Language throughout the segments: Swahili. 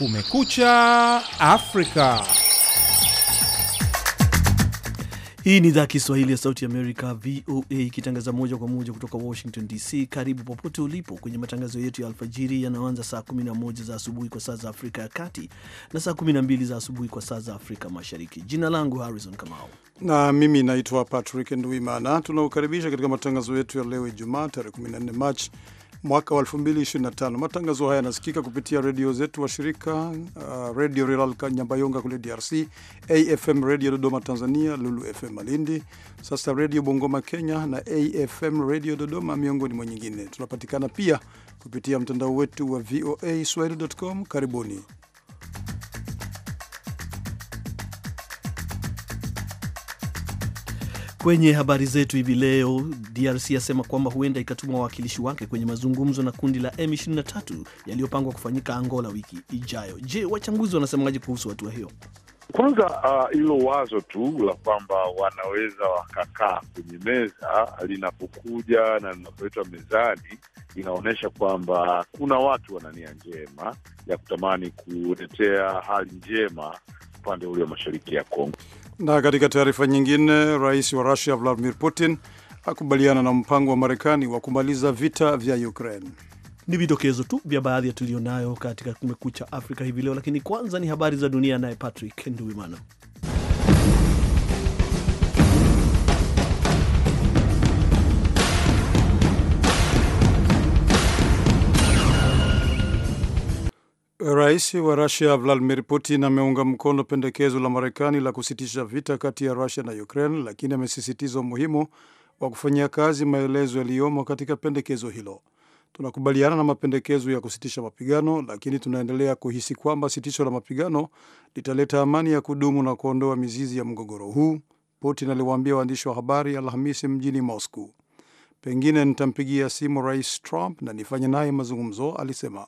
Kumekucha Afrika. Hii ni idhaa Kiswahili ya Sauti Amerika, VOA, ikitangaza moja kwa moja kutoka Washington DC. Karibu popote ulipo kwenye matangazo yetu ya alfajiri yanayoanza saa 11 za asubuhi kwa saa za Afrika ya Kati na saa 12 za asubuhi kwa saa za Afrika Mashariki. Jina langu Harrison Kamau na mimi naitwa Patrick Nduimana. Tunakukaribisha katika matangazo yetu ya leo Ijumaa, tarehe 14 Machi mwaka wa 2025. Matangazo haya yanasikika kupitia redio zetu shirika uh, Redio Rural Nyambayonga kule DRC, AFM Redio Dodoma Tanzania, Lulu FM Malindi, sasa Redio Bongoma Kenya na AFM Redio Dodoma, miongoni mwa nyingine. Tunapatikana pia kupitia mtandao wetu wa VOA swahili.com. Karibuni. Kwenye habari zetu hivi leo, DRC yasema kwamba huenda ikatuma wawakilishi wake kwenye mazungumzo na kundi la M23 yaliyopangwa kufanyika Angola wiki ijayo. Je, wachambuzi wanasemaje kuhusu hatua hiyo? Kwanza uh, hilo uh, wazo tu la kwamba wanaweza wakakaa kwenye meza linapokuja na linapoletwa mezani inaonyesha kwamba kuna watu wana nia njema ya kutamani kuletea hali njema upande ule wa mashariki ya Kongo. Na katika taarifa nyingine, rais wa Russia Vladimir Putin akubaliana na mpango wa Marekani wa kumaliza vita vya Ukraine. Ni vidokezo tu vya baadhi ya tuliyonayo katika Kumekucha Afrika hivi leo, lakini kwanza ni habari za dunia, naye Patrick nduimana Rais wa Rusia Vladimir Putin ameunga mkono pendekezo la Marekani la kusitisha vita kati ya Rusia na Ukraine, lakini amesisitiza umuhimu wa kufanyia kazi maelezo yaliyomo katika pendekezo hilo. Tunakubaliana na mapendekezo ya kusitisha mapigano, lakini tunaendelea kuhisi kwamba sitisho la mapigano litaleta amani ya kudumu na kuondoa mizizi ya mgogoro huu, Putin aliwaambia waandishi wa habari Alhamisi mjini Moscow. Pengine nitampigia simu Rais Trump na nifanye naye mazungumzo, alisema.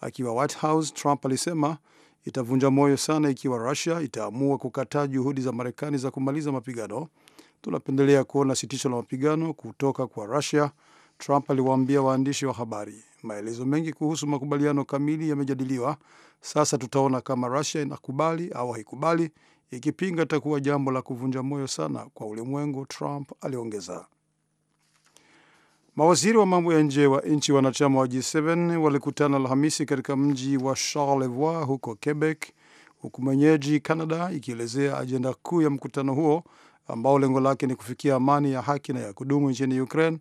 Akiwa White House, Trump alisema itavunja moyo sana ikiwa Rusia itaamua kukataa juhudi za Marekani za kumaliza mapigano. Tunapendelea kuona sitisho la mapigano kutoka kwa Rusia, Trump aliwaambia waandishi wa habari. Maelezo mengi kuhusu makubaliano kamili yamejadiliwa. Sasa tutaona kama Rusia inakubali au haikubali. Ikipinga, itakuwa jambo la kuvunja moyo sana kwa ulimwengu, Trump aliongeza. Mawaziri wa mambo ya nje wa nchi wanachama wa G7 walikutana Alhamisi katika mji wa Charlevoix huko Quebec, huku mwenyeji Canada ikielezea ajenda kuu ya mkutano huo ambao lengo lake ni kufikia amani ya haki na ya kudumu nchini Ukraine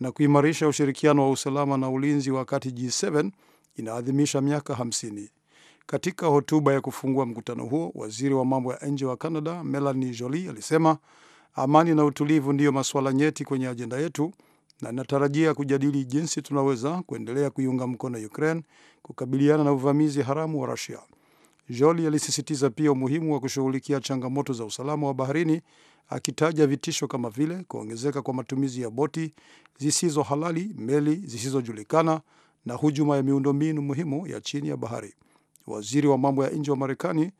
na kuimarisha ushirikiano wa usalama na ulinzi wakati G7 inaadhimisha miaka 50. Katika hotuba ya kufungua mkutano huo, waziri wa mambo ya nje wa Canada Melanie Joly alisema amani na utulivu ndiyo masuala nyeti kwenye ajenda yetu na inatarajia kujadili jinsi tunaweza kuendelea kuiunga mkono Ukraine kukabiliana na uvamizi haramu wa rasia Joli alisisitiza pia umuhimu wa kushughulikia changamoto za usalama wa baharini akitaja vitisho kama vile kuongezeka kwa matumizi ya boti zisizo halali, meli zisizojulikana na hujuma ya miundombinu muhimu ya chini ya bahari. Waziri wa mambo ya nje wa Marekani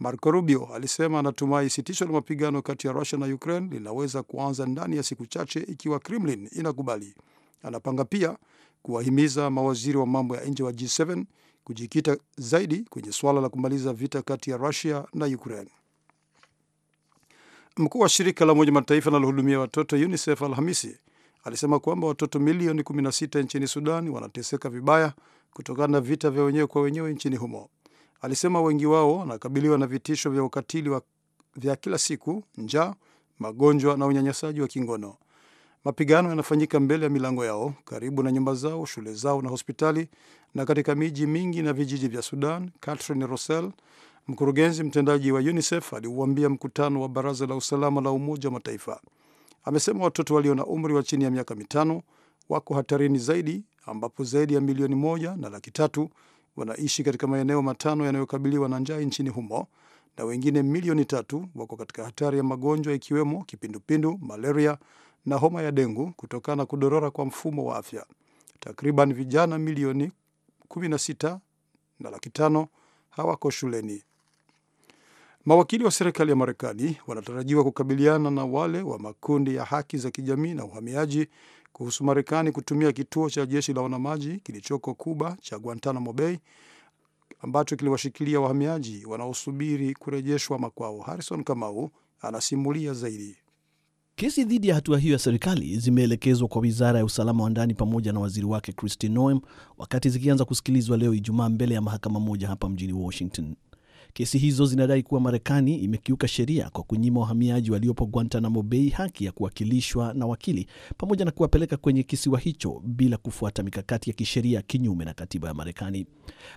Marco Rubio alisema anatumai sitisho la mapigano kati ya Rusia na Ukraine linaweza kuanza ndani ya siku chache ikiwa Kremlin inakubali. Anapanga pia kuwahimiza mawaziri wa mambo ya nje wa G7 kujikita zaidi kwenye suala la kumaliza vita kati ya Rusia na Ukraine. Mkuu wa shirika la Umoja Mataifa linalohudumia watoto UNICEF Alhamisi alisema kwamba watoto milioni 16 nchini Sudan wanateseka vibaya kutokana na vita vya wenyewe kwa wenyewe nchini humo. Alisema wengi wao wanakabiliwa na vitisho vya ukatili wa, vya kila siku, njaa, magonjwa na unyanyasaji wa kingono. Mapigano yanafanyika mbele ya milango yao, karibu na nyumba zao, shule zao na hospitali, na katika miji mingi na vijiji vya Sudan. Catherine rosel mkurugenzi mtendaji wa UNICEF, aliuambia mkutano wa Baraza la Usalama la Umoja wa Mataifa. Amesema watoto walio na umri wa chini ya miaka mitano wako hatarini zaidi, ambapo zaidi ya milioni moja na laki tatu wanaishi katika maeneo matano yanayokabiliwa na njaa nchini humo na wengine milioni tatu wako katika hatari ya magonjwa ikiwemo kipindupindu, malaria na homa ya dengu kutokana na kudorora kwa mfumo wa afya. Takriban vijana milioni 16 na laki tano hawako shuleni. Mawakili wa serikali ya Marekani wanatarajiwa kukabiliana na wale wa makundi ya haki za kijamii na uhamiaji kuhusu Marekani kutumia kituo cha jeshi la wanamaji kilichoko Kuba cha Guantanamo Bay ambacho kiliwashikilia wahamiaji wanaosubiri kurejeshwa makwao. Harrison Kamau anasimulia zaidi. Kesi dhidi ya hatua hiyo ya serikali zimeelekezwa kwa wizara ya usalama wa ndani pamoja na waziri wake Christine Noem, wakati zikianza kusikilizwa leo Ijumaa mbele ya mahakama moja hapa mjini Washington. Kesi hizo zinadai kuwa Marekani imekiuka sheria kwa kunyima wahamiaji waliopo Guantanamo Bay haki ya kuwakilishwa na wakili pamoja na kuwapeleka kwenye kisiwa hicho bila kufuata mikakati ya kisheria kinyume na katiba ya Marekani.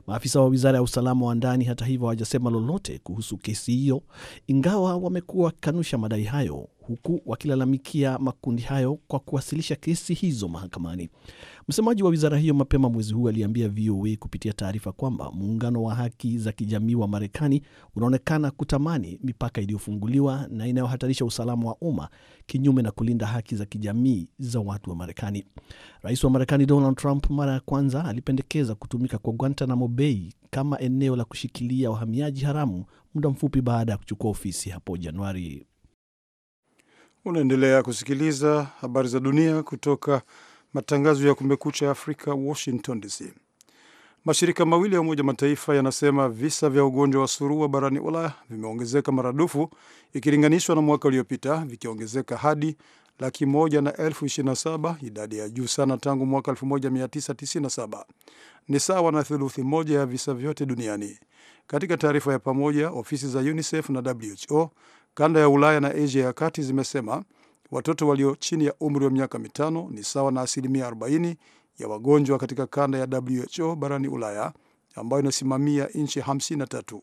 Maafisa wa wizara ya usalama wa ndani, hata hivyo, hawajasema lolote kuhusu kesi hiyo, ingawa wamekuwa wakikanusha madai hayo huku wakilalamikia makundi hayo kwa kuwasilisha kesi hizo mahakamani. Msemaji wa wizara hiyo mapema mwezi huu aliambia VOA kupitia taarifa kwamba muungano wa haki za kijamii wa Marekani unaonekana kutamani mipaka iliyofunguliwa na inayohatarisha usalama wa umma kinyume na kulinda haki za kijamii za watu wa Marekani. Rais wa Marekani Donald Trump mara ya kwanza alipendekeza kutumika kwa Guantanamo bei kama eneo la kushikilia wahamiaji haramu muda mfupi baada ya kuchukua ofisi hapo Januari. Unaendelea kusikiliza habari za dunia kutoka matangazo ya Kumekucha Afrika, Washington DC. Mashirika mawili ya Umoja Mataifa yanasema visa vya ugonjwa wa surua barani Ulaya vimeongezeka maradufu ikilinganishwa na mwaka uliopita, vikiongezeka hadi laki moja na elfu ishirini na saba, idadi ya juu sana tangu mwaka 1997. Ni sawa na theluthi moja ya visa vyote duniani. Katika taarifa ya pamoja, ofisi za UNICEF na WHO Kanda ya Ulaya na Asia ya Kati zimesema watoto walio chini ya umri wa miaka mitano ni sawa na asilimia 40 ya wagonjwa katika kanda ya WHO barani Ulaya ambayo inasimamia nchi 53.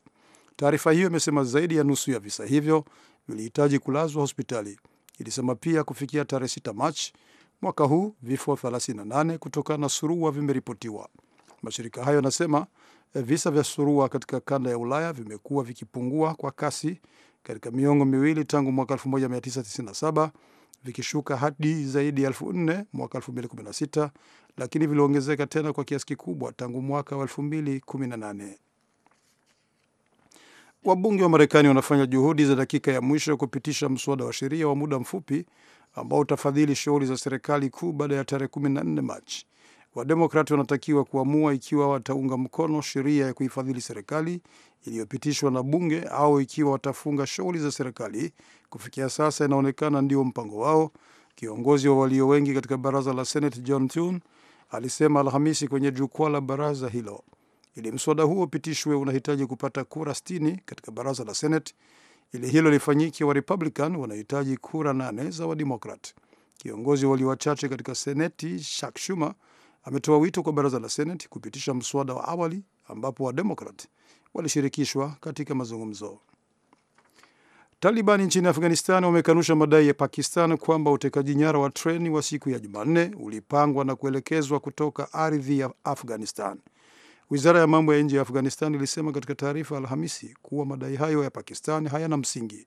Taarifa hiyo imesema zaidi ya nusu ya visa hivyo vilihitaji kulazwa hospitali. Ilisema pia kufikia tarehe 6 Machi mwaka huu vifo 38 kutokana na surua vimeripotiwa. Mashirika hayo yanasema eh, visa vya surua katika kanda ya Ulaya vimekuwa vikipungua kwa kasi katika miongo miwili tangu mwaka 1997 vikishuka hadi zaidi ya 4 mwaka 2016 lakini viliongezeka tena kwa kiasi kikubwa tangu mwaka wa 2018. Wabunge wa Marekani wanafanya juhudi za dakika ya mwisho kupitisha mswada wa sheria wa muda mfupi ambao utafadhili shughuli za serikali kuu baada ya tarehe 14 Machi. Wademokrati wanatakiwa kuamua ikiwa wataunga mkono sheria ya kuifadhili serikali iliyopitishwa na bunge au ikiwa watafunga shughuli za serikali. Kufikia sasa, inaonekana ndio mpango wao. Kiongozi wa walio wengi katika baraza la Senate John Thune alisema Alhamisi kwenye jukwaa la baraza hilo. Ili mswada huo upitishwe, unahitaji kupata kura 60 katika baraza la Senate. Ili hilo lifanyike, wa Republican wanahitaji kura nane za Wademokrat. Kiongozi walio wachache katika Seneti Chuck Schumer ametoa wito kwa baraza la Seneti kupitisha mswada wa awali ambapo Wademokrat walishirikishwa katika mazungumzo. Taliban nchini Afghanistan wamekanusha madai ya Pakistan kwamba utekaji nyara wa treni wa siku ya Jumanne ulipangwa na kuelekezwa kutoka ardhi ya Afghanistan. Wizara ya mambo ya nje ya Afghanistan ilisema katika taarifa Alhamisi kuwa madai hayo ya Pakistan hayana msingi.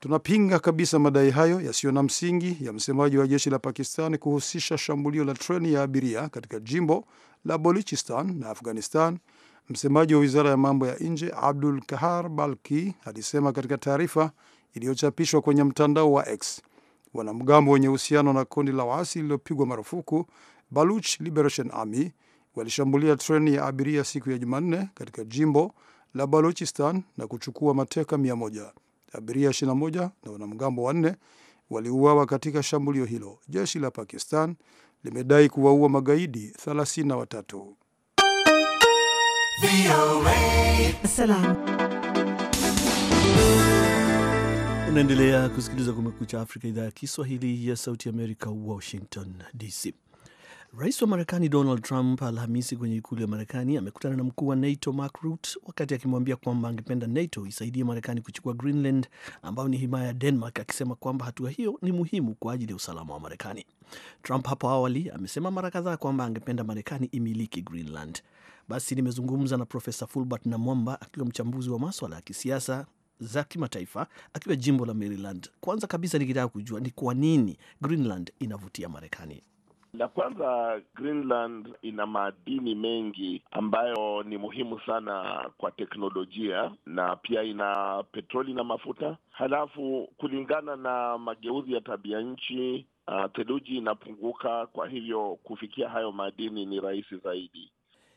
Tunapinga kabisa madai hayo yasiyo na msingi ya msemaji wa jeshi la Pakistan kuhusisha shambulio la treni ya abiria katika jimbo la Baluchistan na Afghanistan. Msemaji wa wizara ya mambo ya nje Abdul Kahar Balki alisema katika taarifa iliyochapishwa kwenye mtandao wa X, wanamgambo wenye uhusiano na kundi la waasi lililopigwa marufuku Baluch Liberation Army walishambulia treni ya abiria siku ya Jumanne katika jimbo la Baluchistan na kuchukua mateka mia moja. Abiria 21 na wanamgambo wanne waliuawa katika shambulio hilo. Jeshi la Pakistan limedai kuwaua magaidi 33. Unaendelea kusikiliza Kumekucha Afrika, idhaa ya Kiswahili ya Sauti Amerika, Washington DC. Rais wa Marekani Donald Trump Alhamisi kwenye ikulu ya Marekani amekutana na mkuu wa NATO Mark Rutte wakati akimwambia kwamba angependa NATO isaidie Marekani kuchukua Greenland ambayo ni himaya ya Denmark, akisema kwamba hatua hiyo ni muhimu kwa ajili ya usalama wa Marekani. Trump hapo awali amesema mara kadhaa kwamba angependa Marekani imiliki Greenland. Basi nimezungumza na Profesa Fulbert Namwamba akiwa mchambuzi wa maswala ya kisiasa za kimataifa akiwa jimbo la Maryland. Kwanza kabisa nikitaka kujua ni kwa nini Greenland inavutia Marekani. La kwanza, Greenland ina madini mengi ambayo ni muhimu sana kwa teknolojia na pia ina petroli na mafuta. Halafu kulingana na mageuzi ya tabia nchi, uh, theluji inapunguka, kwa hivyo kufikia hayo madini ni rahisi zaidi.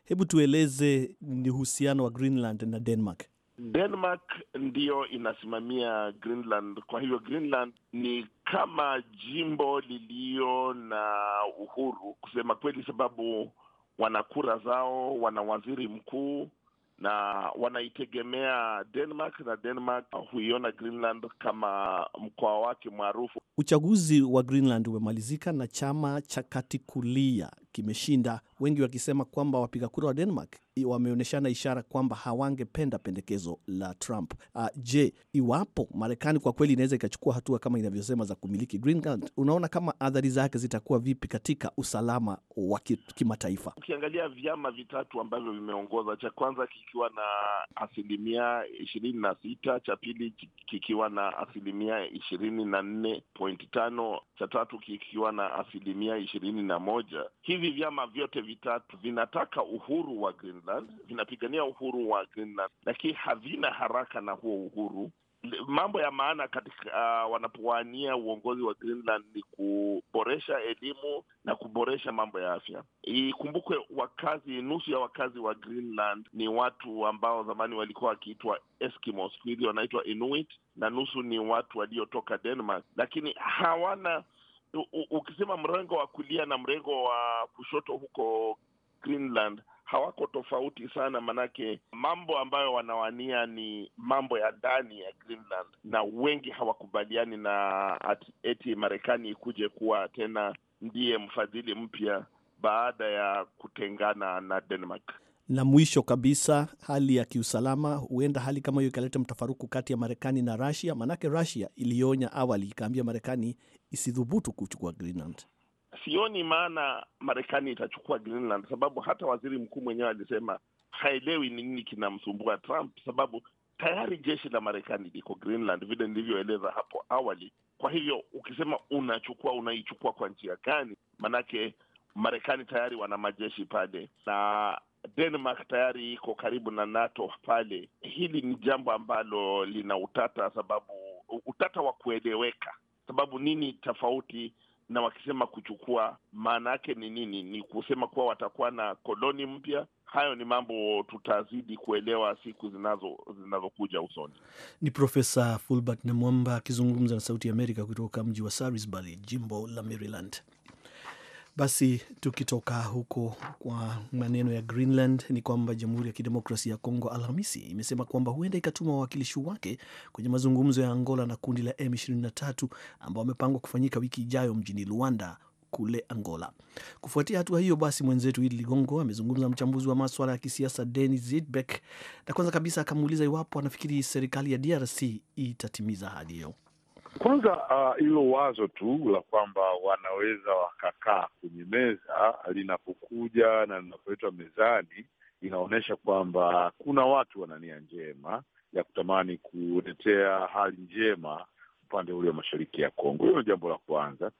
Hebu tueleze ni uhusiano wa Greenland na Denmark. Denmark ndiyo inasimamia Greenland. Kwa hivyo Greenland ni kama jimbo liliyo na uhuru kusema kweli, sababu wana kura zao, wana waziri mkuu na wanaitegemea Denmark, na Denmark huiona Greenland kama mkoa wake maarufu. Uchaguzi wa Greenland umemalizika na chama cha kati kulia kimeshinda, wengi wakisema kwamba wapiga kura wa Denmark wameonyeshana ishara kwamba hawangependa pendekezo la Trump. Uh, je, iwapo Marekani kwa kweli inaweza ikachukua hatua kama inavyosema za kumiliki Greenland, unaona kama athari zake zitakuwa vipi katika usalama wa kimataifa? Ukiangalia vyama vitatu ambavyo vimeongoza, cha kwanza kikiwa na asilimia ishirini na sita, cha pili kikiwa na asilimia ishirini na nne pointi tano cha tatu kikiwa na asilimia ishirini na moja. Hivi vyama vyote vitatu vinataka uhuru wa Greenland, vinapigania uhuru wa Greenland, lakini havina haraka na huo uhuru mambo ya maana katika uh, wanapowania uongozi wa Greenland ni kuboresha elimu na kuboresha mambo ya afya. Ikumbukwe wakazi, nusu ya wakazi wa Greenland ni watu ambao zamani walikuwa wakiitwa Eskimo, siku hizi wanaitwa Inuit, na nusu ni watu waliotoka Denmark, lakini hawana u, u, ukisema mrengo wa kulia na mrengo wa kushoto huko Greenland hawako tofauti sana, manake mambo ambayo wanawania ni mambo ya ndani ya Greenland, na wengi hawakubaliani na eti Marekani ikuje kuwa tena ndiye mfadhili mpya baada ya kutengana na Denmark. Na mwisho kabisa, hali ya kiusalama, huenda hali kama hiyo ikaleta mtafaruku kati ya Marekani na Russia, maanake Russia ilionya awali, ikaambia Marekani isidhubutu kuchukua Greenland sioni maana Marekani itachukua Greenland, sababu hata waziri mkuu mwenyewe alisema haelewi ni nini kinamsumbua Trump, sababu tayari jeshi la Marekani liko Greenland vile nilivyoeleza hapo awali. Kwa hivyo ukisema unachukua, unaichukua kwa njia gani? Manake Marekani tayari wana majeshi pale na Denmark tayari iko karibu na NATO pale. Hili ni jambo ambalo lina utata, sababu utata wa kueleweka, sababu nini tofauti na wakisema kuchukua, maana yake ni nini? Ni kusema kuwa watakuwa na koloni mpya. Hayo ni mambo tutazidi kuelewa siku zinazo zinazokuja usoni. Ni Profesa Fulbert Namwamba akizungumza na Sauti ya Amerika kutoka mji wa Salisbury, jimbo la Maryland. Basi tukitoka huko kwa maneno ya Greenland ni kwamba Jamhuri ya Kidemokrasia ya Kongo Alhamisi imesema kwamba huenda ikatuma wawakilishi wake kwenye mazungumzo ya Angola na kundi la M23 ambao wamepangwa kufanyika wiki ijayo mjini Luanda kule Angola. Kufuatia hatua hiyo, basi mwenzetu Idi Ligongo amezungumza mchambuzi wa maswala ya kisiasa Denis Zidbeck, na kwanza kabisa akamuuliza iwapo anafikiri serikali ya DRC itatimiza ahadi hiyo. Kwanza hilo uh, wazo tu la kwamba wanaweza wakakaa kwenye meza linapokuja na linapoletwa mezani, inaonyesha kwamba kuna watu wana nia njema ya kutamani kuletea hali njema upande ule wa mashariki ya Kongo. Hilo ni jambo la kwanza.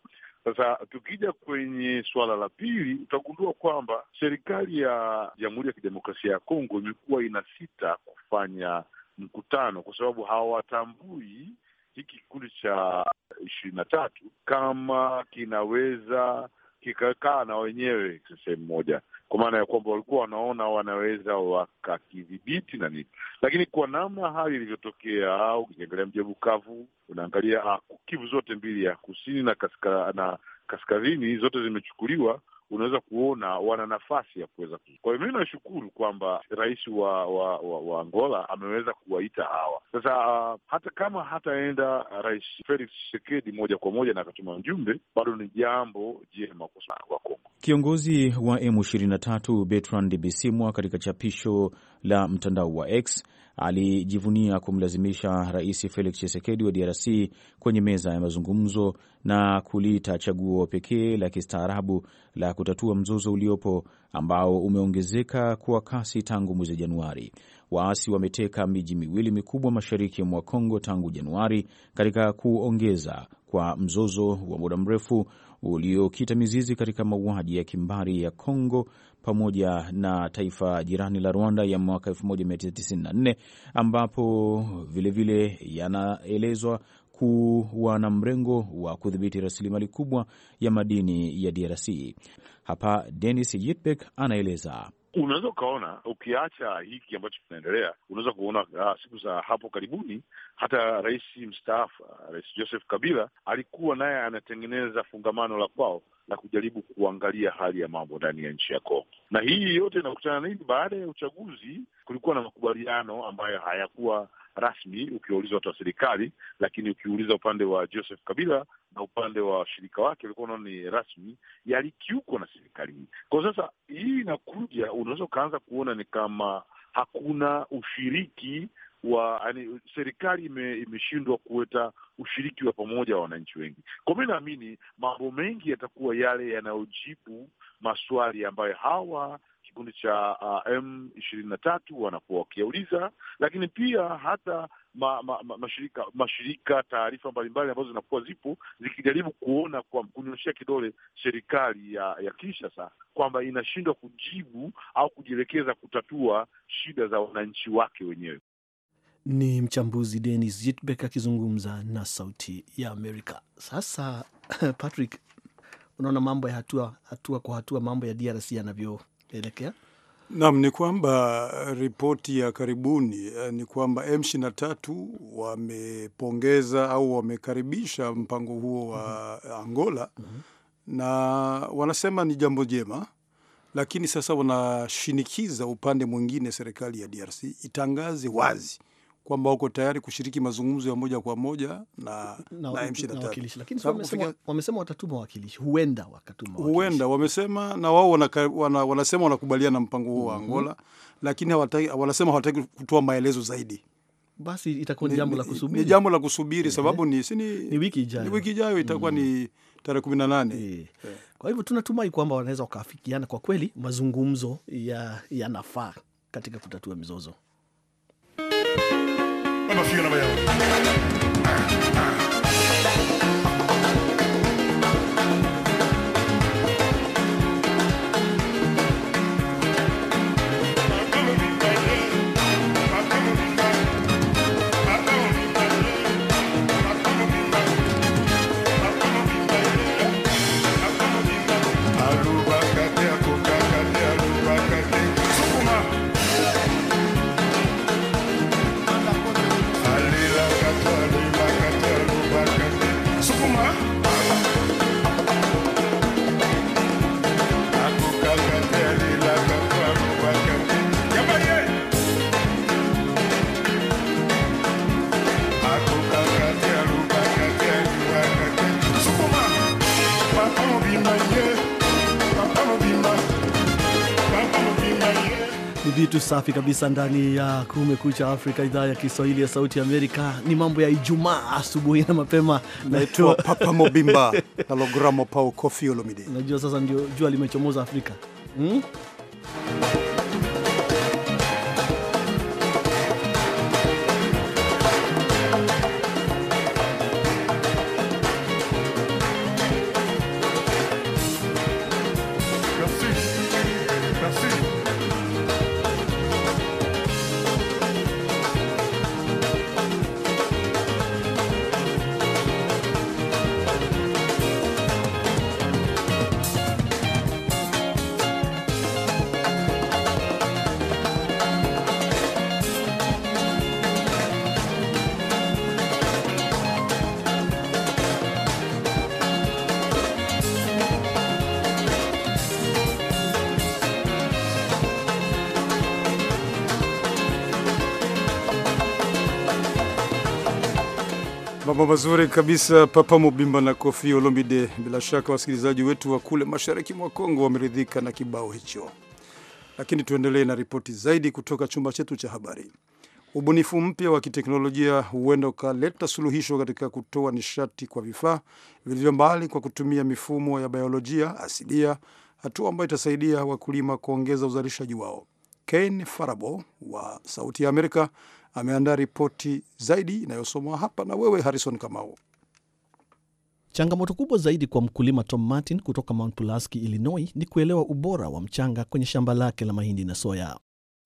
Sasa tukija kwenye suala la pili, utagundua kwamba serikali ya Jamhuri ya Kidemokrasia ya Kongo imekuwa inasita kufanya mkutano kwa sababu hawatambui hiki kikundi cha ishirini na tatu kama kinaweza kikakaa na wenyewe sehemu moja, kwa maana ya kwamba walikuwa wanaona wanaweza wakakidhibiti na nini, lakini kwa namna hali ilivyotokea, ukiangalia mji wa Bukavu, unaangalia ah, Kivu zote mbili ya kusini na kaskazini, zote zimechukuliwa unaweza kuona wana nafasi ya kuweza Kwa hiyo mi nashukuru kwamba rais wa, wa, wa, wa Angola ameweza kuwaita hawa sasa. Uh, hata kama hataenda Rais Felix Tshisekedi moja kwa moja na akatuma mjumbe, bado ni jambo jema kwa Kongo. Kiongozi wa M23 Bertrand Bisimwa katika chapisho la mtandao wa X alijivunia kumlazimisha Rais Felix Tshisekedi wa DRC kwenye meza ya mazungumzo na kuliita chaguo pekee la kistaarabu la kutatua mzozo uliopo ambao umeongezeka kwa kasi tangu mwezi Januari. Waasi wameteka miji miwili mikubwa mashariki mwa Kongo tangu Januari, katika kuongeza kwa mzozo wa muda mrefu uliokita mizizi katika mauaji ya kimbari ya Kongo pamoja na taifa jirani la Rwanda ya mwaka 1994 ambapo vilevile yanaelezwa kuwa na mrengo wa kudhibiti rasilimali kubwa ya madini ya DRC. Hapa Denis Yitbek anaeleza unaweza ukaona ukiacha hiki ambacho kinaendelea, unaweza kuona uh, siku za hapo karibuni, hata rais mstaafu uh, Rais Joseph Kabila alikuwa naye anatengeneza fungamano la kwao la kujaribu kuangalia hali ya mambo ndani ya nchi ya Kongo, na hii yote inakutana nini? Baada ya uchaguzi kulikuwa na makubaliano ambayo hayakuwa rasmi, ukiwauliza watu wa serikali, lakini ukiuliza upande wa Joseph Kabila na upande wa washirika wake ulikuwa unaona ni rasmi, yalikiukwa na serikalini. Kwa sasa hii inakuja, unaweza ukaanza kuona ni kama hakuna ushiriki wa yani, serikali imeshindwa ime kuweta ushiriki wa pamoja wa wananchi wengi. Kwa mi naamini mambo mengi yatakuwa yale yanayojibu maswali ambayo hawa kikundi cha uh, M ishirini na tatu wanakuwa wakiauliza, lakini pia hata ma, ma, ma, mashirika mashirika taarifa mbalimbali ambazo zinakuwa zipo zikijaribu kuona kwa kunyoshea kidole serikali ya ya Kinshasa kwamba inashindwa kujibu au kujielekeza kutatua shida za wananchi wake wenyewe. Ni mchambuzi Denis Jitbek akizungumza na Sauti ya Amerika. Sasa Patrick, unaona mambo ya hatua hatua kwa hatua mambo ya DRC yanavyoelekea Naam, ni kwamba eh, ripoti ya karibuni eh, ni kwamba M23 wamepongeza au wamekaribisha mpango huo wa mm -hmm. Angola mm -hmm. na wanasema ni jambo jema, lakini sasa wanashinikiza upande mwingine, serikali ya DRC itangaze wazi mm -hmm kwamba wako tayari kushiriki mazungumzo ya moja kwa moja na, na, na na wakilishi. Lakini wamesema, wamesema watatuma wakilishi, huenda wakatuma wakilishi. Huenda wamesema na wao wana, wanasema wanakubaliana na mpango huo wa mhm. Angola mm -hmm. Lakini wanasema hawataki kutoa maelezo zaidi. Basi itakuwa ni jambo la kusubiri, ni jambo la kusubiri sababu ni, sini, ni wiki ijayo, ni wiki ijayo itakuwa mm -hmm. ni tarehe kumi na nane. Kwa hivyo tunatumai kwamba wanaweza wakafikiana kwa kweli mazungumzo yanafaa ya katika kutatua mizozo. a Fiona kitu safi kabisa ndani ya Kumekucha Afrika, idhaa ya Kiswahili ya Sauti Amerika. Ni mambo ya Ijumaa asubuhi na mapema. Naitwa Papa Mobimba Halogramo Pao Kofi Olomide. Najua sasa ndio jua limechomoza Afrika hmm? Mambo mazuri kabisa, Papa Mubimba na Kofi Olomide. Bila shaka wasikilizaji wetu wa kule mashariki mwa Kongo wameridhika na kibao hicho, lakini tuendelee na ripoti zaidi kutoka chumba chetu cha habari. Ubunifu mpya wa kiteknolojia huenda ukaleta suluhisho katika kutoa nishati kwa vifaa vilivyo mbali kwa kutumia mifumo ya biolojia asilia, hatua ambayo itasaidia wakulima kuongeza uzalishaji wao. Kane Farabo wa Sauti ya Amerika ameandaa ripoti zaidi inayosomwa hapa na wewe Harrison Kamau. Changamoto kubwa zaidi kwa mkulima Tom Martin kutoka Mount Pulaski, Illinois ni kuelewa ubora wa mchanga kwenye shamba lake la mahindi na soya.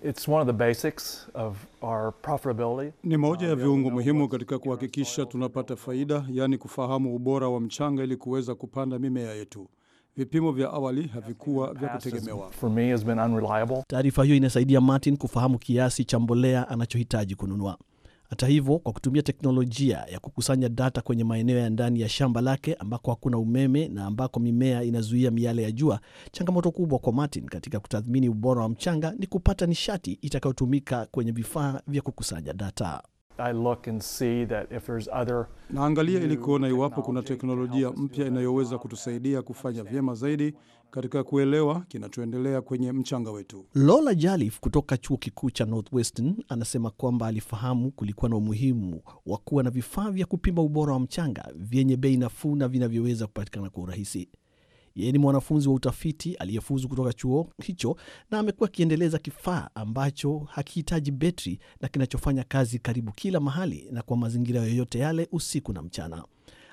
It's one of the basics of our profitability. Ni moja ya uh, viungo muhimu katika kuhakikisha tunapata faida, yaani kufahamu ubora wa mchanga ili kuweza kupanda mimea yetu vipimo vya awali havikuwa vya kutegemewa. Taarifa hiyo inasaidia Martin kufahamu kiasi cha mbolea anachohitaji kununua. Hata hivyo, kwa kutumia teknolojia ya kukusanya data kwenye maeneo ya ndani ya shamba lake ambako hakuna umeme na ambako mimea inazuia miale ya jua, changamoto kubwa kwa Martin katika kutathmini ubora wa mchanga ni kupata nishati itakayotumika kwenye vifaa vya kukusanya data. Naangalia ili kuona iwapo kuna teknolojia mpya inayoweza kutusaidia kufanya vyema zaidi katika kuelewa kinachoendelea kwenye mchanga wetu. Lola Jalif kutoka chuo kikuu cha Northwestern anasema kwamba alifahamu kulikuwa na umuhimu wa kuwa na vifaa vya kupima ubora wa mchanga vyenye bei nafuu na vinavyoweza kupatikana kwa urahisi. Yeye ni mwanafunzi wa utafiti aliyefuzu kutoka chuo hicho na amekuwa akiendeleza kifaa ambacho hakihitaji betri na kinachofanya kazi karibu kila mahali na kwa mazingira yoyote yale, usiku na mchana.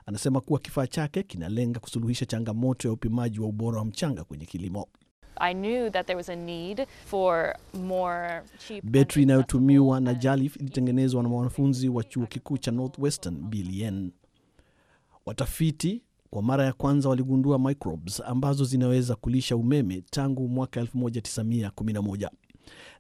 Anasema kuwa kifaa chake kinalenga kusuluhisha changamoto ya upimaji wa ubora wa mchanga kwenye kilimo. Betri inayotumiwa na Jalif ilitengenezwa na mwanafunzi wa chuo kikuu cha Northwestern bilien Watafiti kwa mara ya kwanza waligundua microbes ambazo zinaweza kulisha umeme tangu mwaka 1911.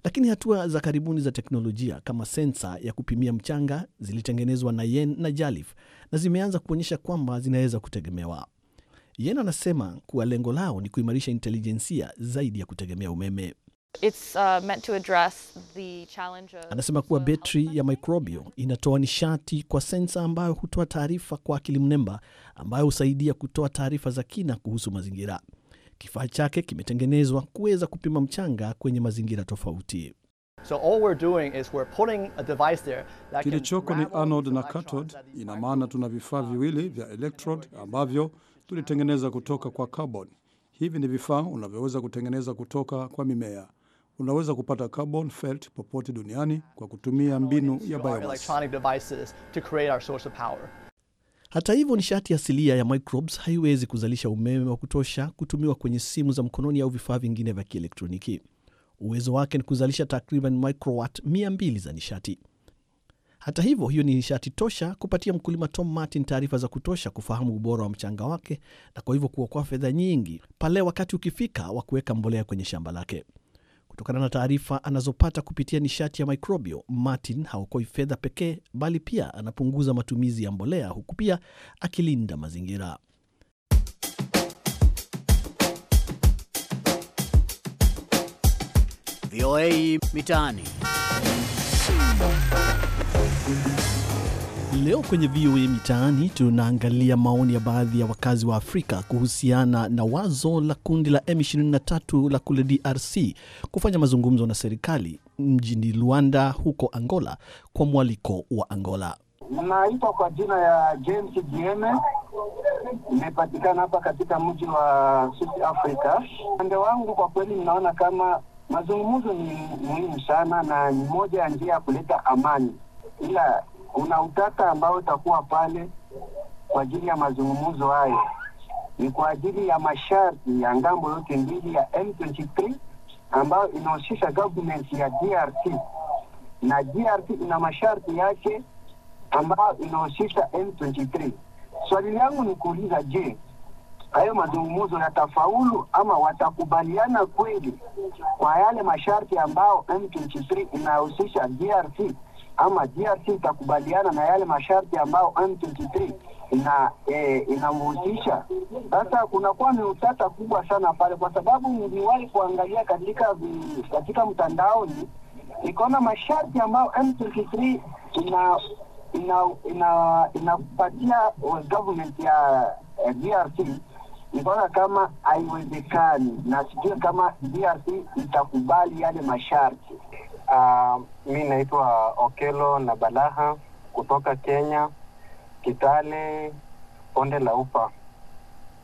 Lakini hatua za karibuni za teknolojia kama sensa ya kupimia mchanga zilitengenezwa na Yen na Jalif na zimeanza kuonyesha kwamba zinaweza kutegemewa. Yen anasema kuwa lengo lao ni kuimarisha intelijensia zaidi ya kutegemea umeme. It's, uh, meant to address the challenge of... Anasema kuwa betri ya microbio inatoa nishati kwa sensa ambayo hutoa taarifa kwa akili mnemba ambayo husaidia kutoa taarifa za kina kuhusu mazingira. Kifaa chake kimetengenezwa kuweza kupima mchanga kwenye mazingira tofauti. So kilichoko ni anode na cathode. Ina maana tuna vifaa uh, viwili vya electrode ambavyo tulitengeneza kutoka kwa carbon. Hivi ni vifaa unavyoweza kutengeneza kutoka kwa mimea. Unaweza kupata carbon felt popote duniani kwa kutumia mbinu ya biomass. Hata hivyo, nishati asilia ya microbes haiwezi kuzalisha umeme wa kutosha kutumiwa kwenye simu za mkononi au vifaa vingine vya kielektroniki. Uwezo wake ni kuzalisha takriban microwatt 20 za nishati. Hata hivyo, hiyo ni nishati tosha kupatia mkulima Tom Martin taarifa za kutosha kufahamu ubora wa mchanga wake na kwa hivyo kuokoa fedha nyingi pale wakati ukifika wa kuweka mbolea kwenye shamba lake. Kutokana na taarifa anazopata kupitia nishati ya microbio, Martin haokoi fedha pekee, bali pia anapunguza matumizi ya mbolea, huku pia akilinda mazingira. VOA Mitaani. Leo kwenye VOA Mitaani tunaangalia maoni ya baadhi ya wakazi wa Afrika kuhusiana na wazo la kundi la M23 la kule DRC kufanya mazungumzo na serikali mjini Luanda huko Angola kwa mwaliko wa Angola. Naitwa kwa jina ya James Jieme, imepatikana hapa katika mji wa South Africa. Upande wangu kwa kweli, ninaona kama mazungumzo ni muhimu sana na ni moja ya njia ya kuleta amani, ila kuna utata ambao utakuwa pale kwa ajili ya mazungumzo hayo, ni kwa ajili ya masharti ya ngambo yote mbili ya M23 ambayo inahusisha government ya DRC na DRC ina masharti yake ambayo inahusisha M23. Swali langu ni kuuliza, je, hayo mazungumzo yatafaulu ama watakubaliana kweli kwa yale masharti ambayo M23 inahusisha DRC? ama DRC itakubaliana na yale masharti ambayo M23 ina e, inamhusisha. Sasa kunakuwa ni utata kubwa sana pale, kwa sababu niwahi kuangalia katika katika mtandaoni nikaona masharti ambayo M23 ina ina ina inapatia government ya DRC nikaona kama haiwezekani, na sijui kama DRC itakubali yale masharti. Uh, mi naitwa Okelo na Balaha kutoka Kenya, Kitale, ponde la Ufa.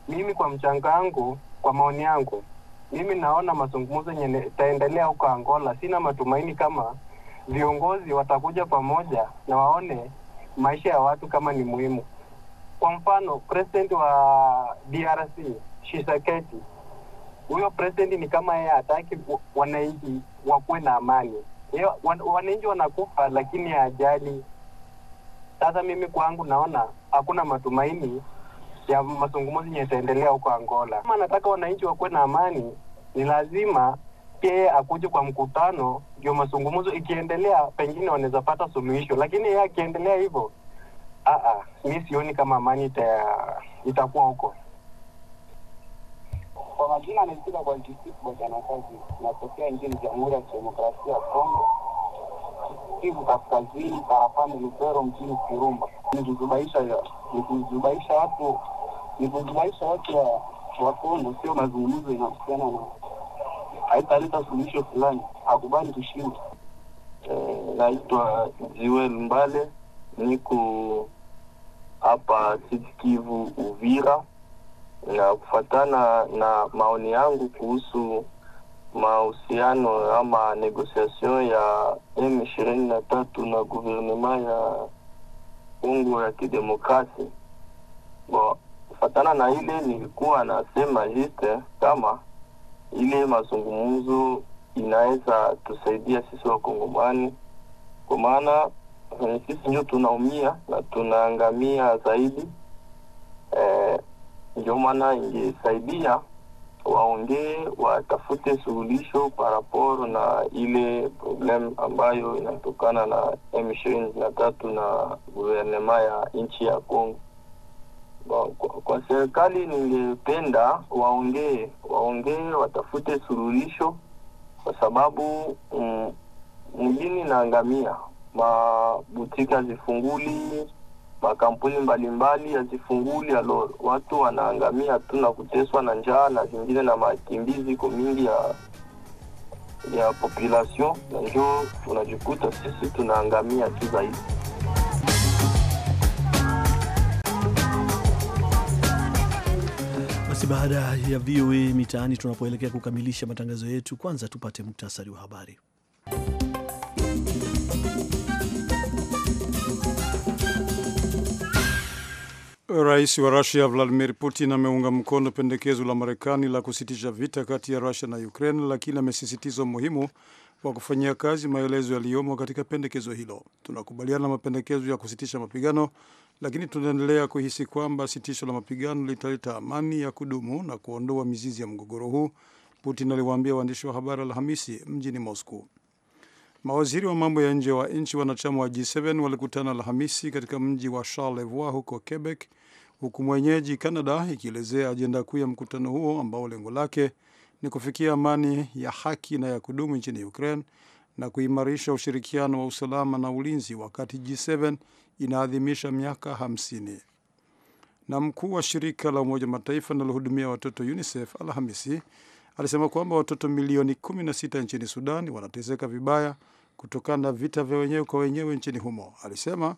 Mimi kwa mchanga wangu, kwa maoni yangu, mimi naona mazungumzo yenye itaendelea huko Angola, sina matumaini kama viongozi watakuja pamoja na waone maisha ya watu kama ni muhimu. Kwa mfano, president wa DRC shisaketi huyo president ni kama yeye hataki wananchi wakuwe na amani. wananchi wanakufa lakini ajali. Sasa mimi kwangu naona hakuna matumaini ya mazungumzo yenye itaendelea huko Angola. Kama anataka wananchi wakuwe na amani, ni lazima pia yeye akuje kwa mkutano, ndio mazungumzo ikiendelea, pengine wanaweza pata suluhisho, lakini yeye akiendelea hivyo, ah, ah, mi sioni kama amani ita, itakuwa huko. Kwa majina anajitika kwa Bwajanakazi, natokea nchini Jamhuri ya Kidemokrasia ya Kongo, Kivu Kaskazini, tarafani Lubero, mjini Kirumba. Nikuzubaisha watu nikuzubaisha watu wa Kongo, sio mazungumzo inahusiana na haitaleta suluhisho fulani, akubali kushinda. Eh, naitwa ziwe Mbale, niko hapa Sud Kivu, Uvira na kufuatana na maoni yangu kuhusu mahusiano ama negosiation ya M ishirini na tatu na guvernema ya Kongo ya Kidemokrasi. Bo, kufatana na ile nilikuwa nasema juste kama ile mazungumzo inaweza tusaidia sisi Wakongomani, kwa maana eh, sisi ndio tunaumia na tunaangamia zaidi eh, ndio maana ingesaidia waongee, watafute suluhisho kwa raporo na ile problem ambayo inatokana na m ishirini na guvernema ya nchi ya congo Kwa, kwa serikali ningependa waongee, waongee, watafute suluhisho kwa sababu mm, mjini mm, naangamia, mabutika zifunguli makampuni mbalimbali yazifunguli alo watu wanaangamia tu na kuteswa na njaa na zingine na makimbizi ko mingi ya ya population, na njo tunajikuta sisi tunaangamia tu zaidi. Basi baada ya VOA Mitaani tunapoelekea kukamilisha matangazo yetu, kwanza tupate muktasari wa habari. Rais wa Rusia Vladimir Putin ameunga mkono pendekezo la Marekani la kusitisha vita kati ya Rusia na Ukraine, lakini amesisitiza umuhimu wa kufanyia kazi maelezo yaliyomo katika pendekezo hilo. Tunakubaliana na mapendekezo ya kusitisha mapigano, lakini tunaendelea kuhisi kwamba sitisho la mapigano litaleta amani ya kudumu na kuondoa mizizi ya mgogoro huu, Putin aliwaambia waandishi wa habari Alhamisi mjini Moscow. Mawaziri wa mambo ya nje wa nchi wanachama wa G7 walikutana Alhamisi katika mji wa Charlevoix huko Quebec huku mwenyeji Canada ikielezea ajenda kuu ya mkutano huo ambao lengo lake ni kufikia amani ya haki na ya kudumu nchini Ukraine na kuimarisha ushirikiano wa usalama na ulinzi wakati G7 inaadhimisha miaka 50. Na mkuu wa shirika la Umoja Mataifa linalohudumia watoto UNICEF Alhamisi alisema kwamba watoto milioni 16 nchini Sudan wanateseka vibaya kutokana na vita vya wenyewe kwa wenyewe nchini humo. Alisema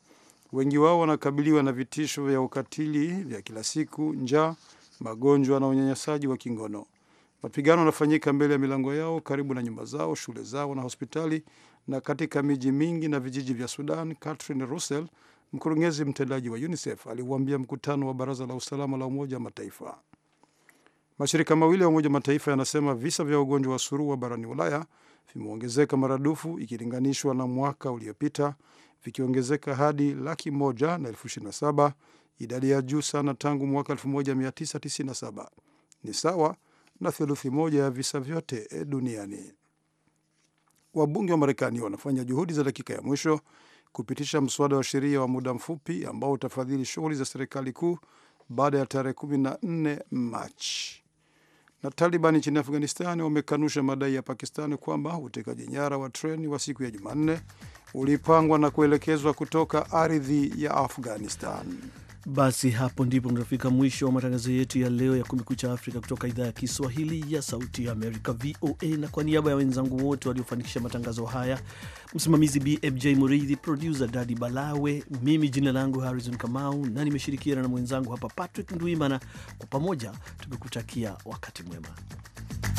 Wengi wao wanakabiliwa na vitisho vya ukatili vya kila siku, njaa, magonjwa na unyanyasaji wa kingono. Mapigano yanafanyika mbele ya milango yao, karibu na nyumba zao, shule zao na hospitali, na katika miji mingi na vijiji vya Sudan. Catherine Russell, mkurugenzi mtendaji wa UNICEF, aliuambia mkutano wa Baraza la Usalama la Umoja wa Mataifa. Mashirika mawili ya Umoja wa Mataifa yanasema visa vya ugonjwa wa surua barani Ulaya vimeongezeka maradufu ikilinganishwa na mwaka uliopita, vikiongezeka hadi laki moja na elfu ishirini na saba idadi ya juu sana tangu mwaka 1997 ni sawa na theluthi moja ya visa vyote eh, duniani. Wabunge wa Marekani wanafanya juhudi za dakika ya mwisho kupitisha mswada wa sheria wa muda mfupi ambao utafadhili shughuli za serikali kuu baada ya tarehe 14 Machi. Na Taliban nchini Afghanistan wamekanusha madai ya pakistan kwamba utekaji nyara wa treni wa siku ya Jumanne ulipangwa na kuelekezwa kutoka ardhi ya Afghanistan. Basi hapo ndipo tunafika mwisho wa matangazo yetu ya leo ya Kumekucha Afrika kutoka idhaa ya Kiswahili ya Sauti ya Amerika, VOA. Na kwa niaba ya wenzangu wote waliofanikisha matangazo haya, msimamizi BMJ Muridhi, produsa Dadi Balawe, mimi jina langu Harrison Kamau na nimeshirikiana na mwenzangu hapa Patrick Ndwimana, kwa pamoja tumekutakia wakati mwema.